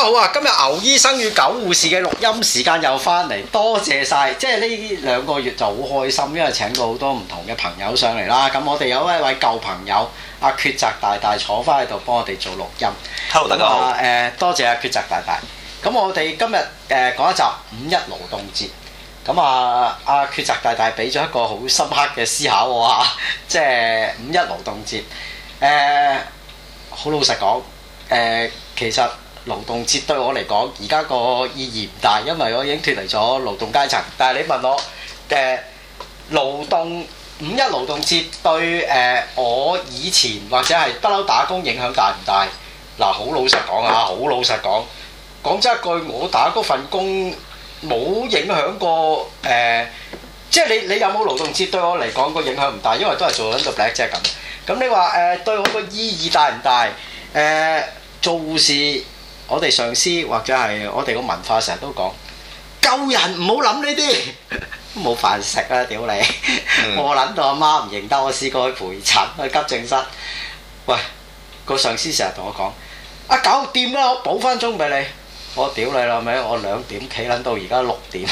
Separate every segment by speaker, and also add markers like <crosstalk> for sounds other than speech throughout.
Speaker 1: 好啊！今日牛醫生與狗護士嘅錄音時間又翻嚟，多謝晒，即係呢兩個月就好開心，因為請到好多唔同嘅朋友上嚟啦。咁我哋有一位舊朋友阿抉擇大大坐翻喺度幫我哋做錄音。Hello，大家好。誒，多謝阿抉擇大大。咁我哋今日誒、嗯、講一集五一勞動節。咁、嗯、啊，阿抉擇大大俾咗一個好深刻嘅思考我啊！即係五一勞動節。誒、嗯，好老實講，誒、嗯，其實。勞動節對我嚟講，而家個意義唔大，因為我已經脱離咗勞動階層。但係你問我嘅勞、呃、動五一勞動節對誒、呃、我以前或者係不嬲打工影響大唔大？嗱、啊，好老實講啊，好老實講，講真一句，我打嗰份工冇影響過誒、呃，即係你你有冇勞動節對我嚟講個影響唔大，因為都係做緊個 blackjack 即係咁。咁你話誒、呃、對我個意義大唔大？誒、呃、做護士。我哋上司或者係我哋個文化成日都講，救人唔好諗呢啲，冇飯食啊！屌你， <laughs> 我諗到阿媽唔認得，我試過去陪診去急症室。喂，個上司成日同我講，啊九點啦，我補翻鐘俾你。我屌你啦，咪我兩點企撚到而家六點，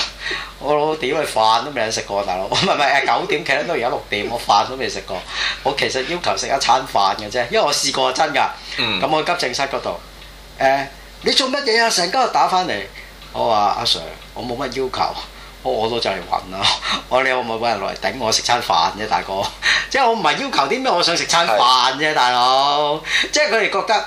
Speaker 1: 我屌你飯都未食過，大佬唔係唔係九點企撚到而家六點，我飯都未食過。我其實要求食一餐飯嘅啫，因為我試過真㗎。嗯。咁我去急症室嗰度，誒、欸。你做乜嘢啊？成家打翻嚟，我話阿 sir，我冇乜要求，我都就嚟混啦。 <laughs> 我你可唔可以搵人嚟頂我食餐飯啫，大哥。即 <laughs> 係我唔係要求啲咩，我想食餐飯啫，的大佬哥。即係佢哋覺得。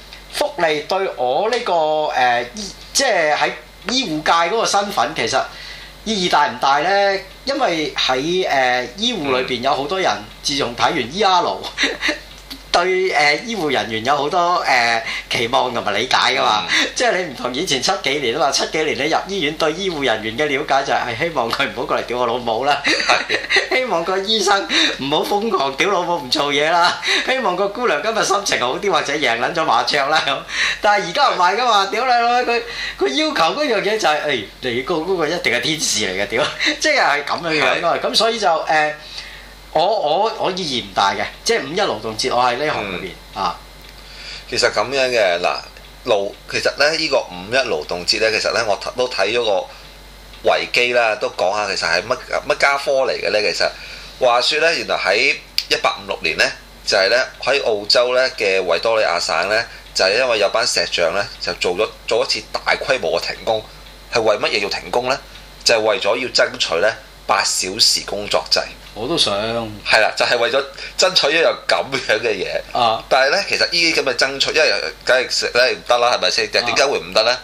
Speaker 1: 福利對我呢、這個誒、呃，即係喺醫護界嗰個身份，其實意義大唔大呢？因為喺誒、呃、醫護裏邊有好多人，自從睇完 E.R.、嗯 <laughs> 對誒，醫護人員有好多誒期望同埋理解噶嘛，即係你唔同以前七幾年啊嘛，七幾年你入醫院對醫護人員嘅了解就係希望佢唔好過嚟屌我老母啦，希望個醫生唔好瘋狂屌老母唔做嘢啦，希望個姑娘今日心情好啲或者贏撚咗麻雀啦咁，但係而家唔係噶嘛，屌你老，佢佢要求嗰樣嘢就係，誒嚟個嗰個一定係天使嚟嘅屌，即係係咁樣樣啊，咁所以就誒。我我我意義唔大嘅，即係五一勞動節，我係呢行年，啊其實
Speaker 2: 樣。其實咁樣嘅嗱，勞其實咧呢個五一勞動節咧，其實咧我都睇咗個維基啦，都講下其實係乜乜家科嚟嘅咧。其實話說咧，原來喺一八五六年咧，就係咧喺澳洲咧嘅維多利亞省咧，就係、是、因為有班石匠咧就做咗做一次大規模嘅停工，係為乜嘢要停工咧？就係、是、為咗要爭取咧。八小時工作制，我都想。係啦，就係、是、為咗爭取一樣咁樣嘅嘢。啊！但係呢，其實呢啲咁嘅爭取因為，梗係梗係唔得啦，係咪先？但點解會唔得呢？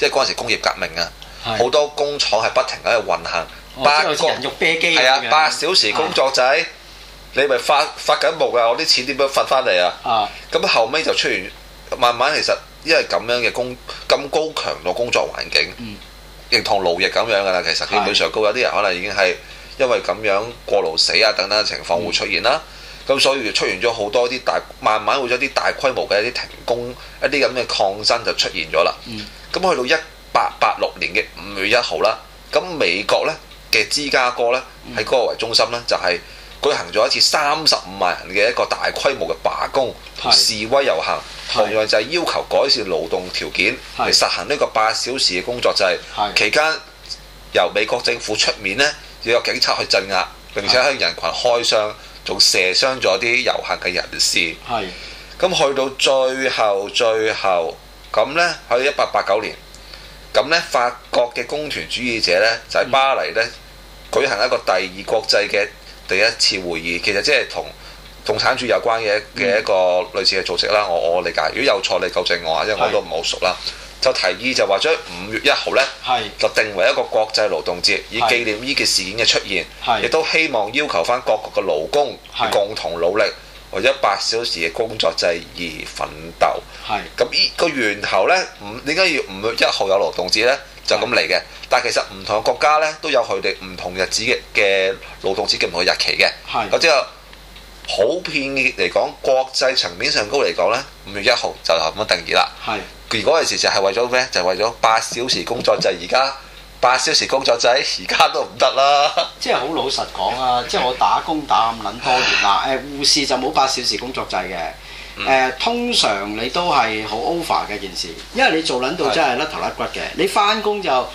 Speaker 2: 因為嗰陣時工業革命啊，好是多工廠係不停喺度運行。
Speaker 1: 哦、八個角人肉飛機係啊，八
Speaker 2: 小時工作制，啊、你咪發發緊夢㗎？我啲錢點樣發翻嚟啊？啊！咁後尾就出現，慢慢其實因為咁樣嘅工咁高強度工作環境。嗯同勞役咁樣噶啦，其實見水上高，的有啲人可能已經係因為咁樣過勞死啊等等情況會出現啦，咁、嗯、所以就出現咗好多啲大，慢慢會有啲大規模嘅一啲停工，一啲咁嘅抗爭就出現咗啦。咁、嗯、去到一八八六年嘅五月一號啦，咁美國咧嘅芝加哥咧，喺嗰、嗯、個為中心咧，就係、是、舉行咗一次三十五萬人嘅一個大規模嘅罷工同、嗯、示威遊行。的同樣就係要求改善勞動條件，嚟是的 實行呢個八小時嘅工作制。期、就是、間由美國政府出面呢，要有警察去鎮壓，並且向人群開槍，仲射傷咗啲遊行嘅人士。咁是的 去到最後最後，咁呢，去到一八八九年，咁呢，法國嘅公團主義者呢，就喺、是、巴黎呢舉行一個第二國際嘅第一次會議。其實即係同共產主義有關嘅嘅一個類似嘅組織啦，我我理解。如果有錯，你糾正我啊，因為我都唔好熟啦。是的 就提議就話將五月一號咧，是的 就定為一個國際勞動節，是的 以紀念呢件事件嘅出現，是的 亦都希望要求翻各國嘅勞工共同努力，為八小時嘅工作制、就是、而奮鬥。咁呢是的 個源頭呢，唔點解要五月一號有勞動節呢？就咁嚟嘅。但其實唔同嘅國家呢，都有佢哋唔同日子嘅嘅勞動節嘅唔同日期嘅。係咁之後。普遍嚟講，國際層面上高嚟講咧，五月一號就係咁樣定義啦。係是，而嗰陣時就係為咗咩？就係、是、為咗八小時
Speaker 1: 工作制。而家八小時工作制而家都唔得啦。即係好老實講啊！即係我打工打咁撚多年啦。誒， <laughs> 護士就冇八小時工作制嘅。嗯、通常你都係好 over 嘅件事，因為你做撚到真係甩頭甩骨嘅。的你返工就～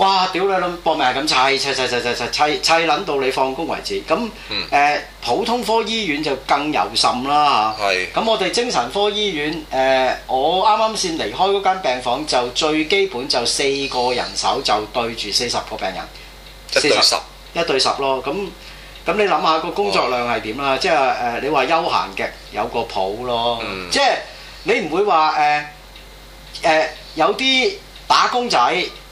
Speaker 1: 哇！屌尿尿你卵搏命咁砌砌砌砌砌砌砌砌撚到你放工為止咁。誒、嗯、普通科醫院就更有甚啦嚇！咁是我哋精神科醫院誒，我啱啱先離開嗰間病房，就最基本就四個人手，就對住四十個病人，四十十一對十咯。咁咁你諗下個工作量係點啦？哦、即係誒你話休閒嘅有個譜咯，嗯、即係你唔會話誒誒有啲。呃呃呃打工仔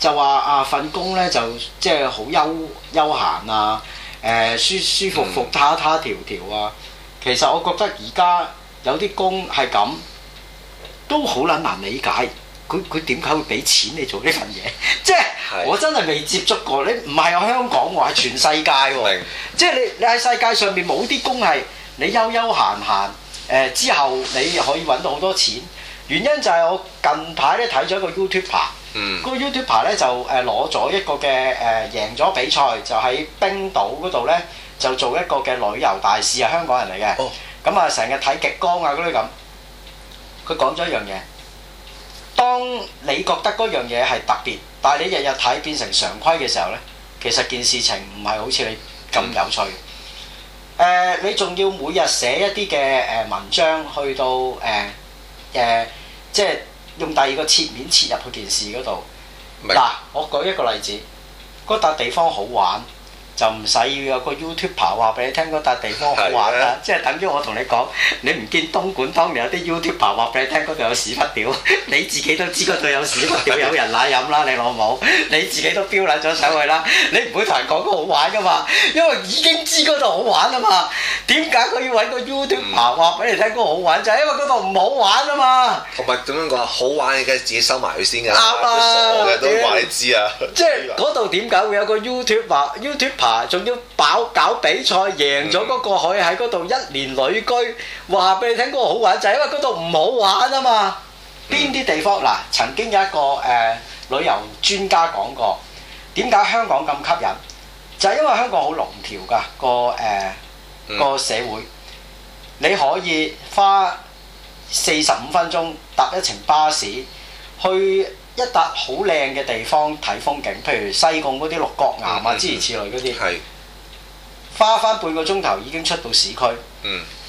Speaker 1: 就話啊份工咧就即係好悠悠閒啊，誒、呃、舒舒服服、攤攤條條啊。嗯、其實我覺得而家有啲工係咁，都好撚難理解。佢佢點解會俾錢你做呢份嘢？ <laughs> 即係是是的 我真係未接觸過。你唔係香港喎，係全世界喎。是的 即係你你喺世界上面冇啲工係你悠悠閒閒誒、呃、之後你可以揾到好多錢。原因就係我近排咧睇咗一個 YouTuber。個、嗯、YouTuber 咧就誒攞咗一個嘅誒、呃、贏咗比賽，就喺冰島嗰度咧就做一個嘅旅遊大使啊！香港人嚟嘅，咁、oh、啊成日睇極光啊嗰啲咁。佢講咗一樣嘢，當你覺得嗰樣嘢係特別，但係你日日睇變成常規嘅時候咧，其實件事情唔係好似你咁有趣。誒、嗯呃，你仲要每日寫一啲嘅誒文章去到誒誒、呃呃，即係。用第二個切面切入去件事嗰度，嗱，明白，我舉一個例子，嗰笪地方好玩。就唔使要有個 YouTuber 話俾你聽嗰笪地方好玩啦、啊，的即係等於我同你講，你唔見東莞當年有啲 YouTuber 話俾你聽嗰度有屎忽屌，你自己都知嗰度有屎忽鳥有人奶飲啦，你老母，你自己都飆奶咗上去啦，你唔會同人講嗰個好玩噶、啊、嘛，因為已經知嗰度好玩啊嘛。點解佢要揾個 YouTuber 話俾你聽嗰個好玩？就係、嗯、因為嗰度唔好玩啊嘛。同埋點樣講好玩嘅梗係自己收埋佢先㗎。啱了啊，傻嘅都話你知啊。即係嗰度點解會有個 YouTuber YouTuber？啊！仲要飽搞比賽，贏咗嗰個可以喺嗰度一年旅居。話俾你聽，嗰個好玩就係因為嗰度唔好玩啊嘛。邊啲地方嗱？曾經有一個誒旅遊專家講過，點解香港咁吸引？就係因為香港好龍條㗎。個誒個社會，你可以花四十五分鐘搭一程巴士去。一笪好靚嘅地方睇風景，譬如西貢嗰啲六角岩啊、嗯嗯、諸如此類嗰啲，是花翻半個鐘頭已經出到市區，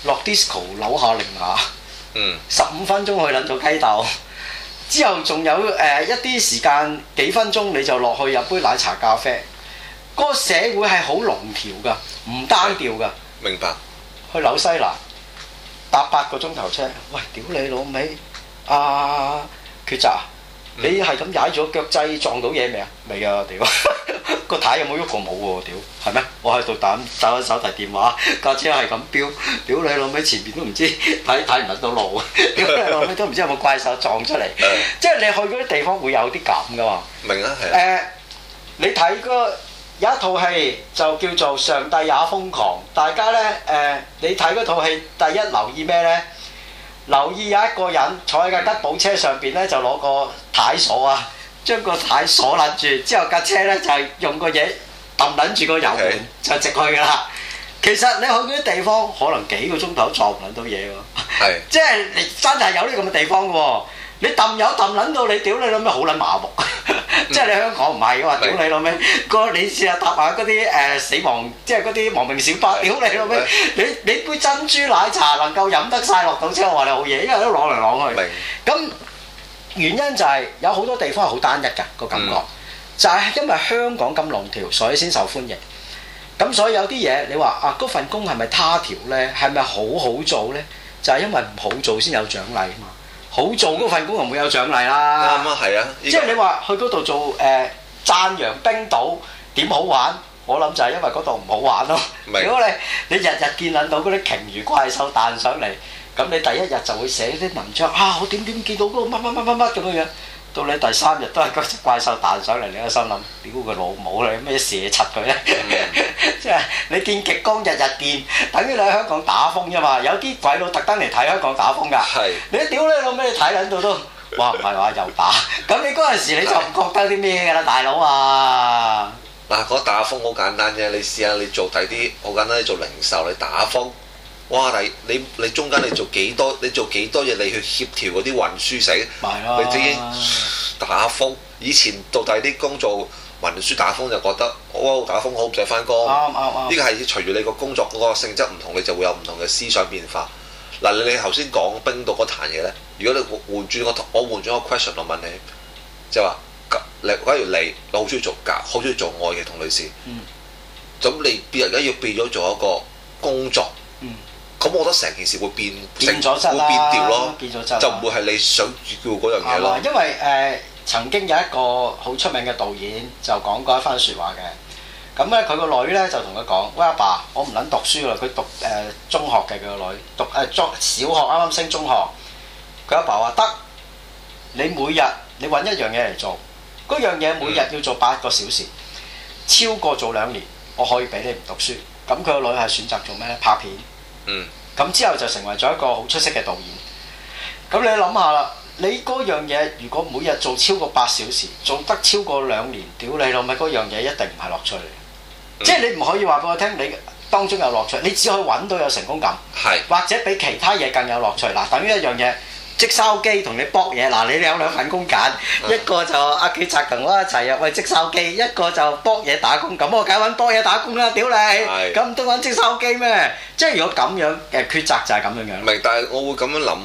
Speaker 1: 落、嗯、disco 扭下靈牙，十五、嗯、分鐘去撚咗雞竇，之後仲有誒、呃、一啲時間幾分鐘你就落去飲杯奶茶咖啡，嗰、那個社會係好濃條㗎，唔單調㗎。明白？去紐西蘭搭八個鐘頭車，喂，屌你老味，啊，抉擇？抉你係咁踩咗腳掣撞到嘢未啊？未啊！地方個太有冇喐過冇喎？屌係咩？我喺度打緊揸手提電話，架車係咁飆，屌 <laughs> 你老尾前面都唔知睇睇唔到路，屌 <laughs> 你老尾都唔知有冇怪獸撞出嚟， <laughs> 即係你去嗰啲地方會有啲咁噶嘛？明啊，係。誒、呃、你睇嗰有一套戲就叫做上帝也瘋狂，大家咧誒、呃、你睇嗰套戲第一，第一留意咩咧？留意有一個人坐喺架吉普車上邊咧，就攞個軚鎖啊，將個軚鎖擸住，之後架車咧就係用個嘢揼擸住個油門，Okay. 就直去㗎喇。其實你去嗰啲地方，可能幾個鐘頭撞唔擸到嘢喎。係是，即係真係有呢咁嘅地方嘅喎，哦。你揼有揼撚到你屌你老味好撚麻木，即係你香港唔係嘅話屌你老味，個你試下搭下嗰啲誒死亡，即係嗰啲亡命小巴屌你老味，你你杯珍珠奶茶能夠飲得晒落到車，我話你好嘢，因為都攞嚟攞去。咁原因就係有好多地方係好單一㗎個感覺，就係因為香港咁龍條所以先受歡迎。咁所以有啲嘢你話啊嗰份工係咪他條咧？係咪好好做咧？就係因為唔好做先有獎勵啊嘛。好做嗰份工就唔會有獎勵啦。啱、嗯嗯嗯、啊、係、這、啊、個。即係你話去嗰度做誒、呃、讚揚冰島點好玩？我諗就係因為嗰度唔好玩咯、啊。白 <laughs> 如果你你日日見撚到嗰啲鯨魚怪獸彈上嚟，咁你第一日就會寫啲文章啊！我點點見到嗰個乜乜乜乜乜咁乜嘢？到你第三日都係嗰隻怪獸彈上嚟，你一心諗：屌佢 <music> 老母你咩射柒佢咧？即係 <laughs> <laughs> 你見極光日日見，等於你喺香港打風啫嘛。有啲鬼佬特登嚟睇香港打風㗎。係是你屌你老母，你睇緊到都。哇！唔係話又打。咁 <laughs> <laughs> 你嗰陣時你就唔覺得啲咩㗎啦，是大佬哥啊！嗱，講打風好簡單啫。你試下你做第啲好
Speaker 2: 簡單，你做零售你打風。哇！你你中間你做幾多？你做幾多嘢？你去協調嗰啲運輸成，你自己打風。以前到底啲工作運輸打風就覺得哇、哦、打風好，唔使翻工。呢個係隨住你個工作嗰個性質唔同，你就會有唔同嘅思想變化。嗱、啊，你你頭先講冰度嗰壇嘢呢，如果你換換轉我換轉個 question 我問你，即話你假如你好中意做家，好中意做愛嘅同女士，咁、嗯、你而家要變咗做一個工作。嗯咁我覺得成件事會變變咗質啦，會變調咯，變咗質就唔會係你想叫嗰樣嘢咯吧。因
Speaker 1: 為誒、呃、曾經有一個好出名嘅導演就講過一番説話嘅。咁咧，佢個女咧就同佢講：喂，阿爸，我唔諗讀書啦。佢讀誒、呃、中學嘅，佢個女讀誒作、呃、小學，啱啱升中學。佢阿爸話得，你每日你揾一樣嘢嚟做，嗰樣嘢每日要做八個小時，嗯、超過做兩年，我可以俾你唔讀書。咁佢個女係選擇做咩咧？拍片。嗯，咁之後就成為咗一個好出色嘅導演。咁你諗下啦，你嗰樣嘢如果每日做超過八小時，做得超過兩年，屌你老味，嗰樣嘢一定唔係樂趣嚟。即係、嗯、你唔可以話俾我聽，你當中有樂趣，你只可以揾到有成功感，是或者比其他嘢更有樂趣。嗱，等於一樣嘢。即收機同你搏嘢，嗱，你哋有兩份工揀，一個就阿傑澤同我一齊入去即收機，一個就搏嘢打工，咁我梗揾搏嘢打工啦，屌你！咁都揾即收機咩？即係如果咁樣嘅抉擇就係咁樣樣。唔係，但係我會咁樣諗，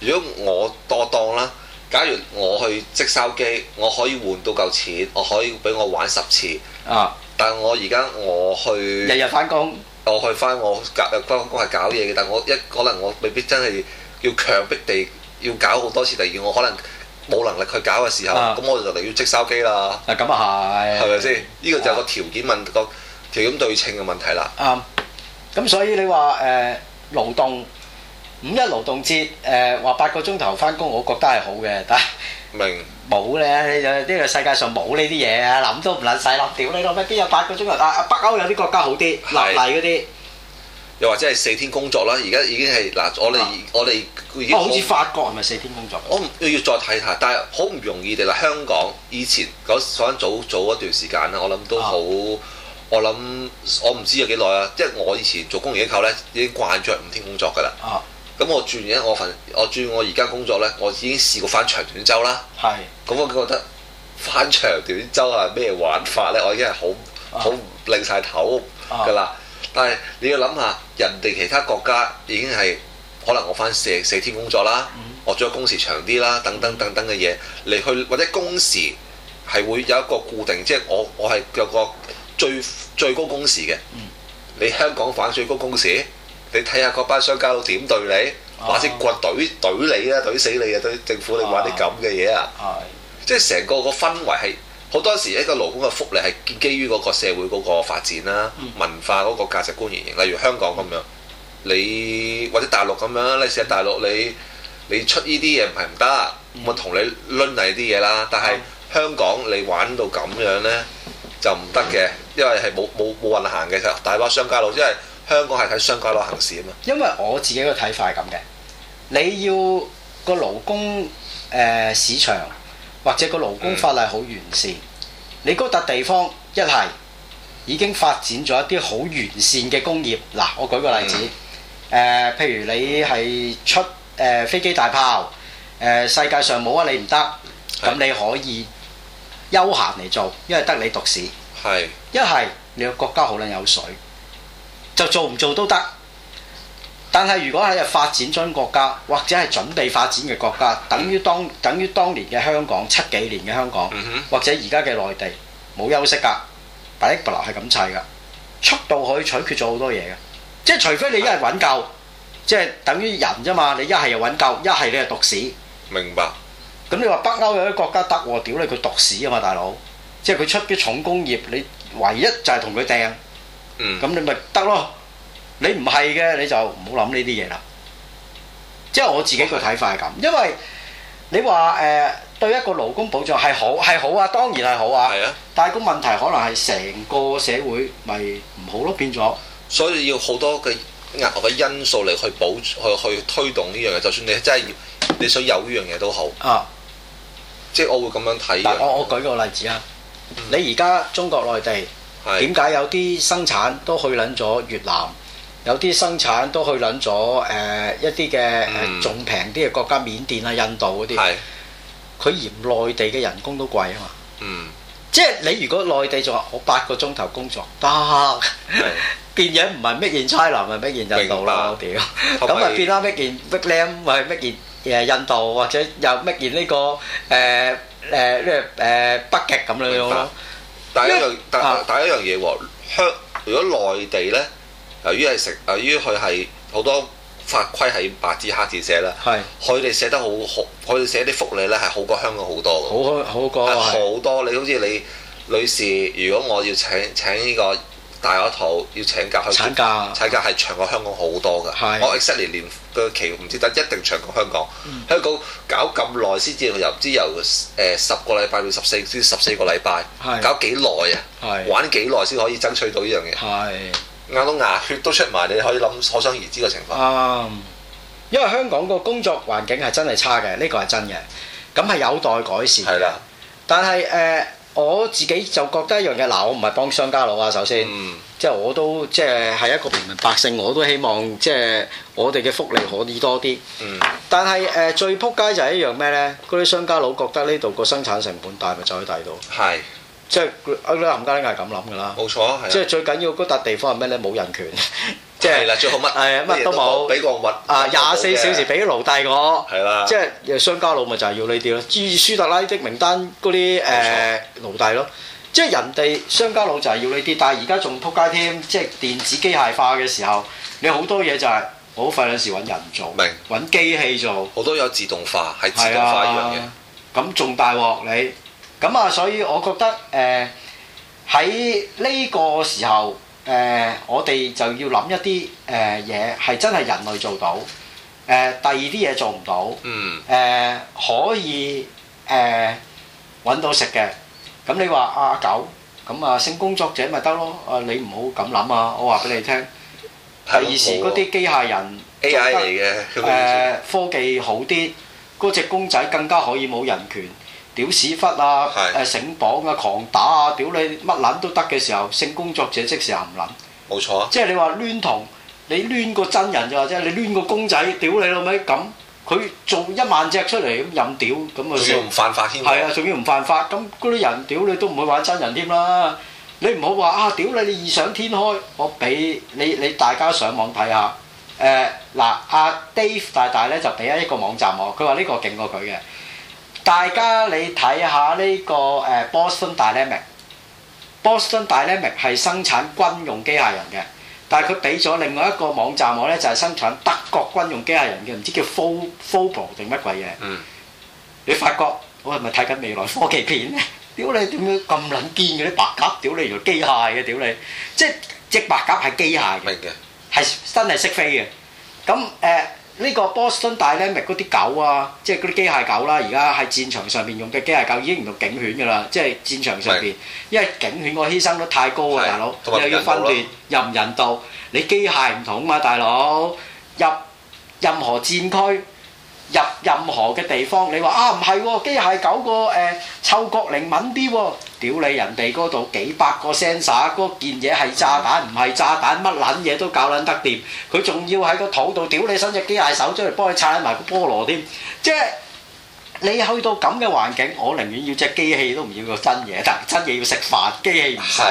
Speaker 1: 如
Speaker 2: 果我多當啦，假如我去即收機，我可以換到夠錢，我可以俾我玩十次。啊！但係我而家我去日日返工，我去返我日日返工係搞嘢嘅，但我一可能我未必真係。要強迫地要搞好多次，第二我可能冇能力去搞嘅時候，咁、啊、我就嚟要即收機啦、啊。
Speaker 1: 啊，咁啊係，係咪先？呢、這
Speaker 2: 個就係個條件問個、啊、條件對稱嘅問題啦。
Speaker 1: 啊，咁所以你話誒、呃、勞動五一勞動節誒話、呃、八個鐘頭翻工，我覺得係好嘅，但係明冇咧，白呢、這個世界上冇呢啲嘢啊，諗都唔諗曬啦，屌你老味，邊有八個鐘頭啊？北歐有啲國家好啲，立例嗰
Speaker 2: 啲。又或者係四天工作啦，而家已經係嗱，我哋我哋已經好似法
Speaker 1: 國係咪四天
Speaker 2: 工作？我唔要再睇下，但係好唔容易嘅啦。香港以前嗰陣早早嗰段時間咧，我諗都好、啊，我諗我唔知有幾耐啦。即係我以前做工業機構咧，已經慣咗五天工作㗎啦。
Speaker 1: 咁、
Speaker 2: 啊、我轉完我份，我轉我而家工作咧，我已經試過返長短週啦。係。咁我覺得返長短週係咩玩法咧？我已經係好好擰晒頭㗎啦。但係你要諗下，人哋其他國家已經係可能我翻四四天工作啦，嗯、我仲有工時長啲啦，等等等等嘅嘢嚟去，或者工時係會有一個固定，即係我我係有個最最高工時嘅。你香港反最高工時，你睇下嗰班商家點對你，或者攰懟你啦，懟死你啊，對政府你話啲咁嘅嘢啊，嗯嗯嗯、即係成個個氛圍係。好多時一個勞工嘅福利係建基於嗰個社會嗰個發展啦，文化嗰個價值觀而形。例如香港咁樣，你或者大陸咁樣啦，事實大陸你你出呢啲嘢唔係唔得，我同你攆你啲嘢啦。但係香港你玩到咁樣咧，就唔得嘅，因為係冇冇冇運行嘅就大把商家路，因為香港係睇商家路行事啊
Speaker 1: 嘛。因為我自己嘅睇法係咁嘅，你要個勞工誒市場。或者個勞工法例好完善，嗯、你嗰笪地方一係已經發展咗一啲好完善嘅工業，嗱，我舉個例子，嗯呃、譬如你係出誒、呃、飛機大炮，呃、世界上冇啊，你唔得，咁是你可以休閒嚟做，因為得你獨市，一係是你個國家好撚有水，就做唔做都得。但係如果係發展中國家或者係準備發展嘅國家，等於當等於當年嘅香港七幾年嘅香港，或者而家嘅內地冇休息㗎，白力白流係咁砌㗎，速度可以取決咗好多嘢嘅，即係除非你一係揾夠，即係白等於人啫嘛，你一係又揾夠，一係你又獨市。明白。咁你話北歐有啲國家得屌，屌你佢獨市啊嘛，大佬，即係佢出啲重工業，你唯一就係同佢掟，咁、嗯、你咪得咯。你唔係嘅，你就唔好諗呢啲嘢啦。即係我自己個睇法係咁，因為你話誒、呃、對一個勞工保障係好係好啊，當然係好啊。係啊。但係個問題可能係成個社會咪唔好咯，變咗。
Speaker 2: 所以要好多嘅額外嘅因素嚟去保去去推動呢樣嘢。就算你真係你想有呢樣嘢都好。啊。即係我會咁樣睇。我
Speaker 1: 我舉個例子啊，嗯、你而家中國內地點解、啊、有啲生產都去撚咗越南？有啲生產都去撚咗誒一啲嘅誒仲平啲嘅國家，緬甸啊、印度嗰啲，佢是嫌內地嘅人工都貴啊嘛。嗯，即係你如果內地做，我八個鐘頭工作得，變樣唔係乜件 China，係乜件印度啦。屌，咁咪變啦乜件咩靚，咪乜件誒印度或者又乜件呢個誒誒咩誒北極咁樣咯。第一樣第第一樣嘢喎，如果內地咧。
Speaker 2: 由於係食，由於佢係好多法規係白紙黑字寫啦，佢哋寫得好，好，佢哋寫啲福利咧係好過香港好多
Speaker 1: 嘅，好好過
Speaker 2: 好多。你好似你女士，如果我要請請呢個大我肚要請假去請假，請假係長過香港好多嘅。我 exactly 連個期唔知得一定長過香港。香港搞咁耐先至由，之由誒十個禮拜到十四，先十四個禮拜，搞幾耐啊？玩幾耐先可以爭取到呢樣嘢？咬到牙血都出埋，你可以諗可想而知嘅情
Speaker 1: 況。啊、嗯，因為香港個工作環境係真係差嘅，呢、這個係真嘅。咁係有待改善。係啦的，但係誒、呃，我自己就覺得一樣嘢。嗱、呃，我唔係幫商家佬啊，首先，嗯、即係我都即係係一個平民百姓，我都希望即係我哋嘅福利可以多啲。嗯。但係誒、呃，最撲街就係一樣咩咧？嗰啲商家佬覺得呢度個生產成本大，咪就可以大到。即係阿林嘉文係咁諗㗎啦，冇錯，即係最緊要嗰笪地方係咩咧？冇人權，即係，啦，最好乜，係乜都冇，俾惡物啊，廿四小時俾奴隸我，係啦，即係商家佬咪就係要呢啲咯。於舒特拉的名單嗰啲誒奴隸咯，即係人哋商家佬就係要呢啲。但係而家仲撲街添，即係電子機械化嘅時候，你好多嘢就係好快兩時揾人做，揾機器做，好多有自動化係自動化一樣嘅，咁仲大鑊你。咁啊，所以我覺得誒，喺、呃、呢個時候誒、呃，我哋就要諗一啲誒嘢係真係人類做到誒第二啲嘢做唔到，誒、嗯呃、可以誒揾、呃、到食嘅。咁、嗯、你話阿、啊、狗咁啊、嗯，性工作者咪得咯？啊，你唔好咁諗啊！我話俾你聽，對第二時嗰啲機械人 AI 嚟嘅誒科技好啲，嗰隻公仔更加可以冇人權。屌屎忽啊！誒，繩綁啊，狂打啊！屌你乜撚都得嘅時候，性工作者即時含唔撚。冇錯啊即！即係你話攣童，你攣個真人就係啫，或者你攣個公仔，屌你老味咁，佢做一萬隻出嚟咁任屌咁啊！仲、就是、要唔犯法添？係啊，仲要唔犯法，咁嗰啲人屌你，你都唔會玩真人添啦！你唔好話啊，屌你你異想天開，我俾你你，你，你大家上網睇下。誒、呃、嗱，阿、啊、Dave 大大咧就俾咗一個網站我，佢話呢個勁過佢嘅。大家你睇下呢個誒 Boston Dynamic，Boston Dynamic 係生產軍用機械人嘅，但係佢俾咗另外一個網站我咧，就係生產德國軍用機械人嘅，唔知叫 Fo Foal 定乜鬼嘢。嗯。你發覺我係咪睇緊未來科技片咧？屌你點解咁撚堅嘅啲白鴿？屌你原來機械嘅，屌你！即係隻白鴿係機械嘅，係真係識飛嘅。咁誒。呢個 Boston Dynamics 嗰啲狗啊，即係嗰啲機械狗啦，而家喺戰場上邊用嘅機械狗已經唔同警犬㗎啦，即係戰場上邊，因為警犬個犧牲率太高啊，大佬又要訓練又唔人道，你機械唔同啊嘛，大佬入任何戰區。入任何嘅地方，你話啊唔係喎，機械狗個誒嗅覺靈敏啲喎，屌你人哋嗰度幾百個 sensor，嗰件嘢係炸彈唔係炸彈，乜撚嘢都搞撚得掂，佢仲要喺個肚度屌你伸隻機械手出嚟幫你拆埋個菠蘿添，即係你去到咁嘅環境，我寧願要隻機器都唔要個真嘢，但係真嘢要食飯，機器唔使，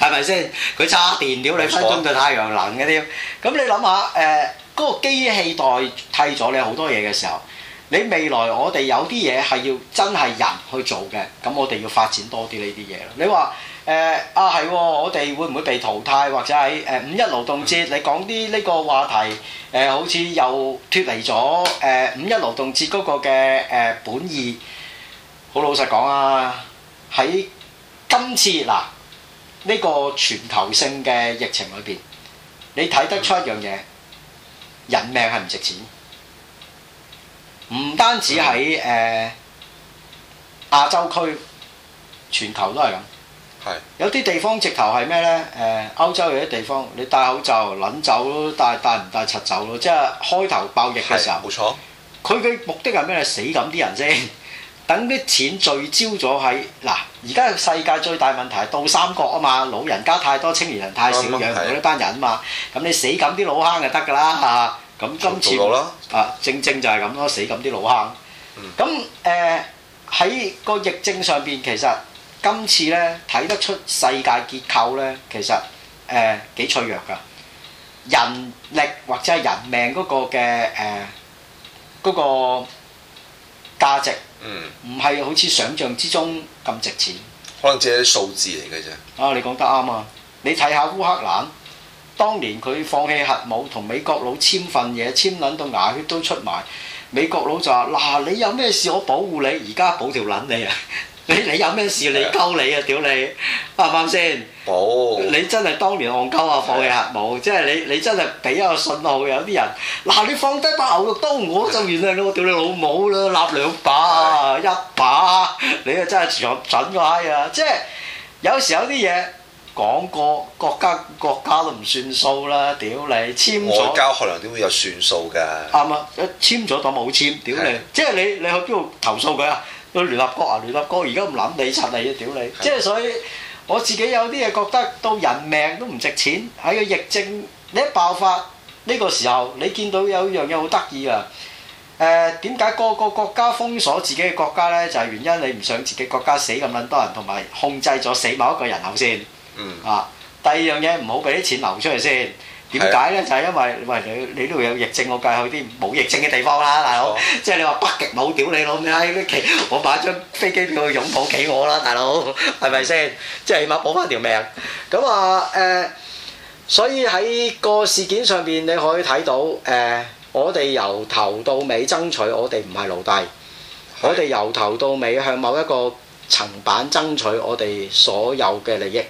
Speaker 1: 係咪先？佢揸電屌你，分鐘對太陽能嘅添，咁你諗下誒？嗰個機器代替咗你好多嘢嘅時候，你未來我哋有啲嘢係要真係人去做嘅，咁我哋要發展多啲呢啲嘢咯。你話誒、呃、啊係，我哋會唔會被淘汰或者喺誒、呃、五一勞動節？你講啲呢個話題誒、呃，好似又脫離咗誒五一勞動節嗰個嘅誒、呃、本意。好老實講啊，喺今次嗱呢、呃這個全球性嘅疫情裏邊，你睇得出一樣嘢。人命係唔值錢，唔單止喺誒、嗯呃、亞洲區，全球都係咁。係、嗯、有啲地方直頭係咩呢？誒、呃、歐洲有啲地方，你戴口罩攬走，戴戴唔戴柒走咯。即係開頭爆疫嘅時候，冇錯。佢嘅目的係咩？死咁啲人先。等啲錢聚焦咗喺嗱，而家世界最大問題係倒三角啊嘛，老人家太多，青年人太少，養唔到呢班人啊嘛。咁你死撳啲老坑就得㗎啦嚇。咁、嗯啊、今次了啊，正正就係咁咯，死撳啲老坑。咁誒喺個疫症上邊，其實今次呢，睇得出世界結構呢，其實誒幾、呃、脆弱㗎。人力或者係人命嗰個嘅誒嗰個價值。嗯，唔係好似想象之中咁值錢，可能只係啲數字嚟嘅啫。啊，你講得啱啊！你睇下烏克蘭，當年佢放棄核武同美國佬簽份嘢，簽撚到牙血都出埋，美國佬就話：嗱、啊，你有咩事我保護你，而家保條撚你啊！你你有咩事你溝你啊屌你，啱唔啱先？哦！你真係當年戇溝啊，放棄核武，即係你你真係俾一個信號，有啲人嗱你放低把牛肉刀，我就原諒你！我屌你老母啦，立兩把的一把，你啊真係全場震鬼啊！即係有時有啲嘢講過國家國家都唔算數啦，屌你簽咗交
Speaker 2: 核能點會有算數㗎？啱
Speaker 1: 啊！簽咗當冇簽，屌的的你！即係你你去邊度投訴佢啊？個聯合國啊，聯合國而家唔諗你柒你啫，屌你！ <laughs> 即係所以我自己有啲嘢覺得到人命都唔值錢，喺個疫症一爆發呢個時候，你見到有一樣嘢好得意啊！誒點解個個國家封鎖自己嘅國家呢？就係原因你唔想自己國家死咁撚多人，同埋控制咗死某一個人口先。啊，第二樣嘢唔好俾啲錢流出嚟先。點解呢？就係因為喂，你你呢度有疫症，我介紹啲冇疫症嘅地方啦，大佬。即係你話北極冇，屌你老母喺啲奇，我買張飛機票去擁抱企我啦，大佬係咪先？即係起碼保翻條命咁啊！誒，所以喺個事件上面你可以睇到誒，我哋由頭到尾爭取我哋唔係奴隸，我哋由頭到尾向某一個層板爭取我哋所有嘅利益，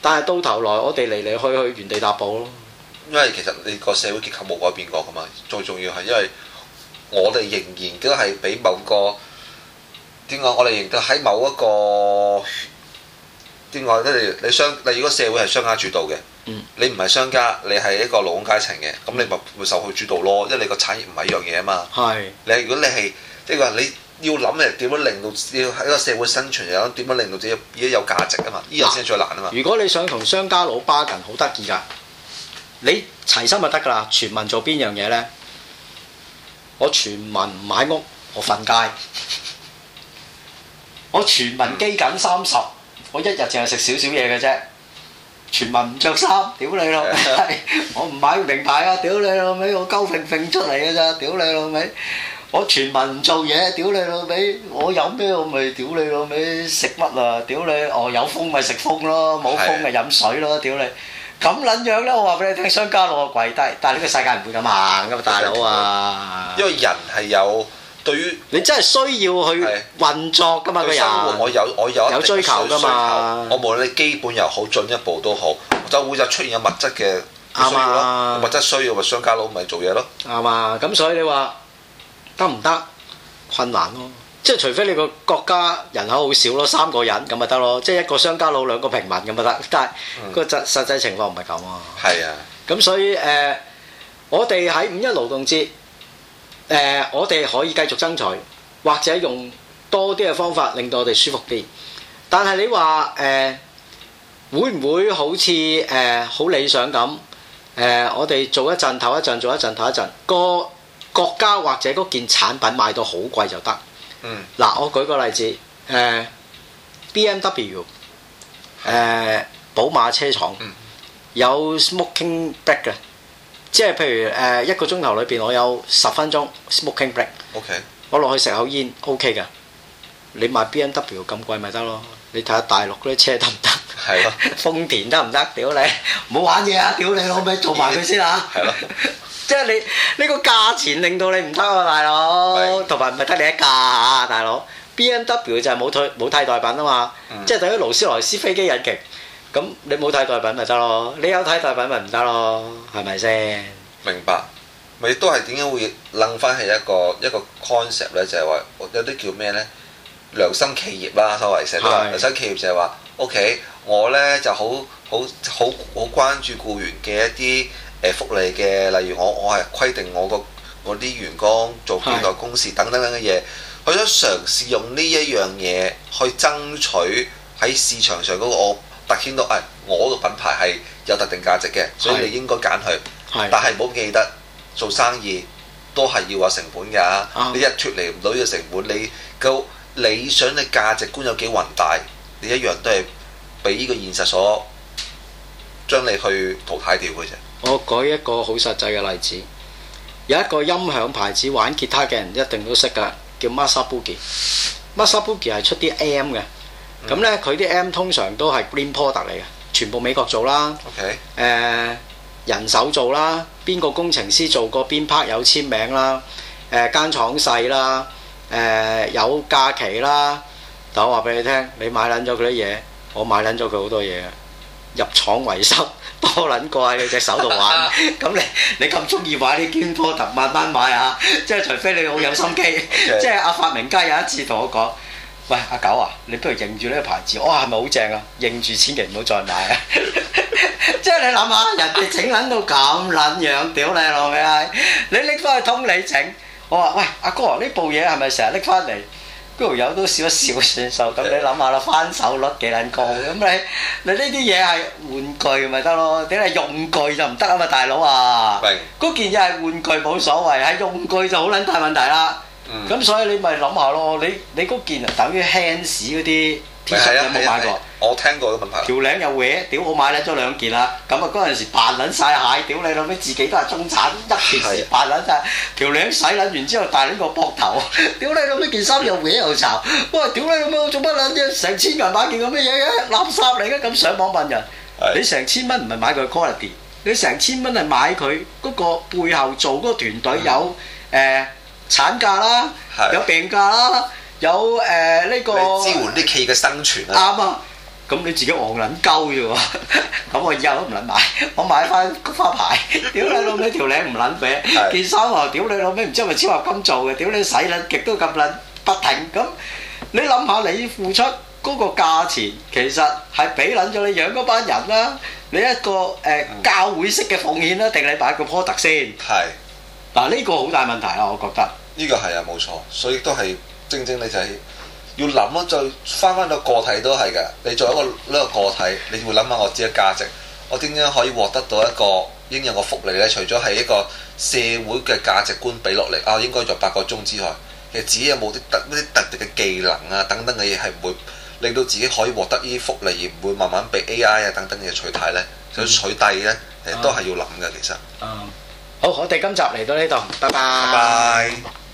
Speaker 1: 但係到頭來我哋嚟嚟去去原地踏步咯。
Speaker 2: 因為其實你個社會結構冇改變過噶嘛，最重要係因為我哋仍然都係俾某個點講，我哋仍然都喺某一個點講，即係你，你商，如果社會係商家主導嘅，你唔係商家，你係一個勞工階層嘅，咁你咪會受佢主導咯。因為你個產業唔係一樣嘢啊嘛。係你是如果你係即係話你要諗嘅點樣令到要喺個社會生存，又點樣令到自己有有
Speaker 1: 價值啊嘛？呢、啊、樣先最難啊嘛。如果你想同商家攞 bargain，好得意噶。你齊心就得噶啦！全民做邊樣嘢呢？我全民唔買屋，我瞓街，我全民基緊三十，我一日淨係食少少嘢嘅啫。全民唔着衫，屌你老味！我唔買名牌啊，屌你老味！我高平平出嚟嘅咋，屌你老味！我全民唔做嘢，屌你老味！我有咩我咪屌你老味食乜啊？屌你！哦，有風咪食風咯，冇風咪飲水咯，屌你！咁撚樣咧，我話俾你聽，商家佬跪低，但係呢個世界唔會咁行噶嘛，的大佬哥啊！
Speaker 2: 因為人係有，
Speaker 1: 對於，你真係需要去運作噶嘛，個的人。對生活我有我有有追求噶嘛。
Speaker 2: 我無論你基本又好，進一步都好，就會有出現有物質嘅。啱
Speaker 1: 的物質需要咪商家佬咪做嘢咯。啱啊！咁所以你話得唔得？困難咯。即係除非你個國家人口好少咯，三個人咁咪得咯，即係一個商家佬兩個平民咁咪得。但係個實實際情況唔係咁啊。係啊。咁所以誒、呃，我哋喺五一勞動節，誒、呃、我哋可以繼續爭取，或者用多啲嘅方法令到我哋舒服啲。但係你話誒、呃，會唔會好似誒好理想咁？誒、呃、我哋做一陣唞一陣，做一陣唞一陣，個國家或者嗰件產品賣到好貴就得。嗱，嗯、我舉個例子，誒，B M W，誒，寶、呃、的馬車廠、嗯、有 smoking break 嘅，即係譬如誒一個鐘頭裏邊我有十分鐘 smoking break，Okay. 我落去食口煙 OK 嘅，你買 B M W 咁貴咪得咯，你睇下大陸啲車得唔得？係咯的， <laughs> 豐田得唔得？屌你，唔好玩嘢啊！屌你，可唔可以做埋佢先啊？係咯是的。 <laughs> 即係你呢個價錢令到你唔得啊，大佬。同埋唔係得你一家啊，大佬。BMW 就係冇替冇替代品啊嘛。嗯、即係等於勞斯萊斯飛機引擎咁，你冇替代品咪得咯？你有替代品咪唔得咯？係咪先？明白。
Speaker 2: 咪都係點解會掄翻係一個一個 concept 咧？就係、是、話有啲叫咩咧？良心企業啦，所謂成話。是良心企業就係話，OK，我咧就好好好好關注僱員嘅一啲。福利嘅，例如我我係規定我個我啲員工做幾多工時等等等嘅嘢，佢是想嘗試用呢一樣嘢去爭取喺市場上個、哎，我特顯到，誒我個品牌係有特定價值嘅，是所以你應該揀佢。是但係唔好記得做生意都係要有成本㗎，是你一脫離唔到呢個成本，你個理想嘅價值觀有幾宏大，你一樣都係俾呢個現實所。將你去淘汰掉嘅啫。
Speaker 1: 我舉一個好實際嘅例子，有一個音響牌子，玩吉他嘅人一定都識㗎，叫 Mesa Boogie。Mesa Boogie 係出啲 M 嘅，咁呢，佢啲 M 通常都係 green product 嚟嘅，全部美國做啦。OK。誒、呃，人手做啦，邊個工程師做過邊 part 有簽名啦，誒、呃、間廠細啦，誒、呃、有假期啦。但我話俾你聽，你買撚咗佢啲嘢，我買撚咗佢好多嘢。入廠維修多撚過喺佢隻手度玩，咁、 <laughs> 啊、你你咁中意玩啲堅貨，慢慢買啊！即係除非你好有心機，Okay. 即係阿發明家有一次同我講：喂阿、啊、九啊，你不如認住呢個牌子，哇係咪好正啊？認住千祈唔好再買啊！即 <laughs> 係 <laughs> 你諗下，人哋整撚到咁撚樣屌你老味，你你拎翻去通你整。我話：喂阿、啊、哥，呢部嘢係咪成日拎翻嚟？嗰條友都笑一笑算數，咁你諗下啦，翻手率幾撚高？咁的你你呢啲嘢係玩具咪得咯？定係用具就唔得啊嘛，大佬啊！嗰的件嘢係玩具冇所謂，係用具就好撚大問題啦。咁、嗯、所以你咪諗下咯，你你嗰件就等於輕屎嗰啲。冇喂買過，我聽過個品牌條領又歪，屌我買咧咗兩件啦。咁啊，嗰陣時扮撚晒蟹，屌你老味自己都係中產，一件事扮撚晒。的條領洗撚完之後，戴喺個膊頭，屌你老味件衫又歪又臭，喂，屌你老味做乜撚啫？成、啊、千銀買件咁乜嘢嘅垃圾嚟嘅，咁上網問人。的你成千蚊唔係買佢 quality，你成千蚊係買佢嗰個背後做嗰個團隊有誒、嗯呃、產假啦，有病假啦。啊有誒呢個支援啲企嘅生存啊！啱啊！咁你自己黃撚鳩嘅喎，咁我以後都唔撚買，我買翻菊花牌。屌你老味條領唔撚歪，件衫喎，屌你老味唔知係咪超合金做嘅？屌你洗撚極都咁撚不停咁，你諗下你付出嗰個價錢，其實係俾撚咗你養嗰班人啦。你一個誒教會式嘅奉獻啦，定你擺個 port 先。係嗱，呢個好大問題啊！我覺得呢個係啊，冇錯，
Speaker 2: 所以都係。正正你就係，要諗吖，再翻翻到個體都係嘅。你作為一個呢個個體，你會諗下我自己嘅價值，我點樣可以獲得到一個應有嘅福利呢？除咗係一個社會嘅價值觀俾落嚟，啊、哦、應該做八個鐘之外，其實自己有冇啲特啲特別嘅技能啊等等嘅嘢係唔會令到自己可以獲得呢啲福利，而唔會慢慢被 AI 啊等等嘅取代呢、嗯、取替呢都係要諗嘅。其實，
Speaker 1: 好，我哋今集嚟到呢度，拜拜。拜拜。